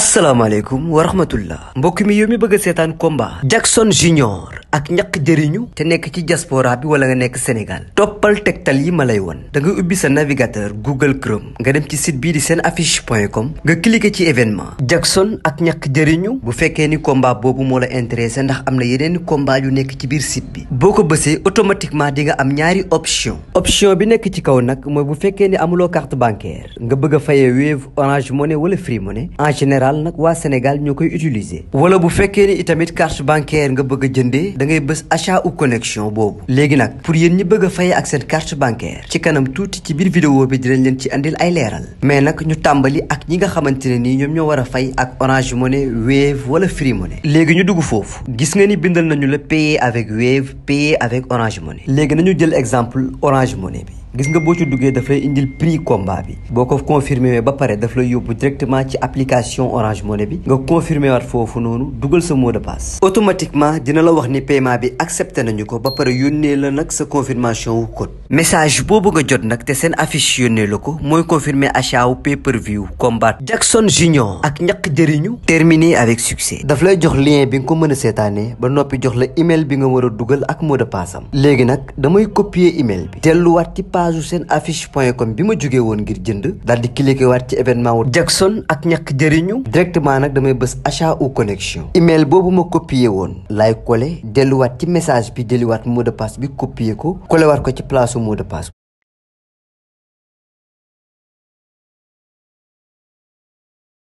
asalaamaaleykum wa rahmatullah mbokk mi yow mi bëgg a seetaan combat Jackson Junior ak ñaq jëriñu te nekk ci diaspora bi wala nga nekk Sénégal toppal tegtal yi ma lay won da nga ubbi sa navigateur Google Chrome nga dem ci site bii di seen affiche point com nga cliqué ci événement Jackson ak ñaq jëriñu bu fekkee ni combat boobu moo la intéressé ndax am na yeneen combat yu nekk ci biir sit bi boo ko bësee automatiquement di nga am ñaari option option bi nekk ci kaw nag mooy bu fekkee ni amuloo carte bancaire nga bëgg a fayee Wave Orange Money wala Free Money en général daal nag waa Sénégal ñoo koy utiliser wala bu fekkee ni itamit carte bancaire nga bëgg a jëndee da ngay bës achat ou connection boobu léegi nag pour yéen ñi bëgg a fay ak seen carte bancaire ci kanam tuuti ci biir vidéo bi dinañ leen ci indil ay leeral mais nag ñu tàmbali ak ñi nga xamante ne nii ñoom ñoo war a fay ak Orange Money Wave wala Free Money léegi ñu dugg foofu gis nga ni bindal nañu la payer avec Wave payer avec Orange Money léegi nañu jël exemple Orange Money bi gis nga boo ci duggee dafay lay indil prix combat bi boo ko confirmé ba pare daf la yóbbu directement ci application Orange Money bi nga confirmé waat foofu noonu dugal sa mot de passe automatiquement dina la wax ni paiement bi accepté nañu ko ba pare yónnee la nag sa confirmation wu code message boobu nga jot nag te seen affiche yónnee la ko mooy confirmer achat wu pay per view combat Jackson Junior ak ñaq jëriñu termine avec succès daf lay jox lien bi nga ko mën a seetaanee ba noppi jox la email bi nga war a dugal ak mot de léegi nag damay copier email page u seen affiche point com bi ma jógee woon ngir jënd daal di cliqué waat ci événement wu Jackson ak ñàkk jëriñu directement nag damay bës achat ou connexion email boobu ma copié woon laay collé delluwaat ci message bi delluwaat mot de passe bi copié ko collé waat ko ci place mot de passe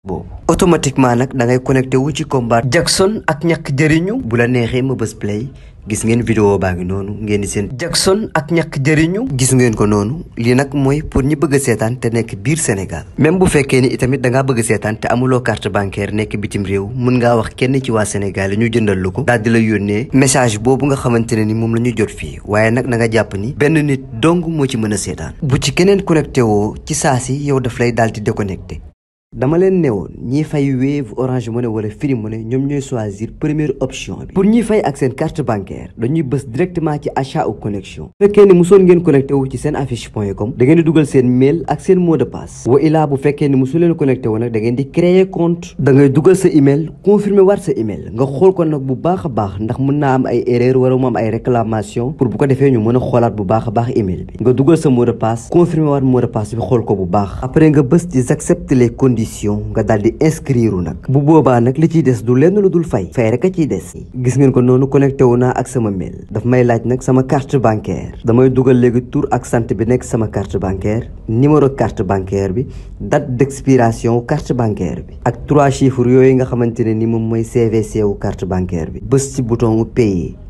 boobu automatiquement nag da ngay connecté wu ci combat Jackson ak ñàkk jëriñu bu la neexee ma bës play gis ngeen vidéo baa ngi noonu ngeen di seen Jackson ak ñàkk jëriñu gis ngeen ko noonu lii nag mooy pour ñi bëgg a seetaan te nekk biir Sénégal même bu fekkee ni itamit da ngaa bëgg a seetaan te amuloo carte bancaire nekk bitim réew mën ngaa wax kenn ci waa Sénégal yi ñu jëndal lu ko daal di la yónnee message boobu nga xamante ne ni moom la ñu jot fii waaye nag na jàpp ni benn nit dong moo ci mën a seetaan bu ci keneen connecté woo ci saa si yow daf daal di déconnecté dama leen newoon ñiy fay Wave Orange Money wala Free Money ñoom ñooy choisir première option bi pour ñiy fay ak seen carte bancaire dañuy bës directement ci achat ou connexion bu fekkee ni musoon ngeen connecté wu ci seen affiche point com da ngeen di dugal seen mail ak seen mot de passe wa ilaa bu fekkee ni musu leen nag da di créer compte da ngay dugal sa email confirmer waat sa email nga xool ko nag bu baax a baax ndax mën naa am ay erreur wala mu am ay réclamation bu ko defee ñu mën a xoolaat baax a baax email nga dugal sa mot de passe confirmer waat ko bu baax après nga bës ci accepter les conditions édition nga daal di inscrire nag bu boobaa nag li ciy des du lenn lu dul fay fay rek a ciy des gis ngeen ko noonu connecté wu naa ak sama mail daf may laaj nag sama carte bancaire damay dugal léegi tur ak sant bi nekk sama carte bancaire numéro carte bancaire bi date d'expiration carte bancaire bi ak trois chiffres yooyu nga xamante ne ni moom mooy CVC wu carte bancaire bi bés ci bouton wu payer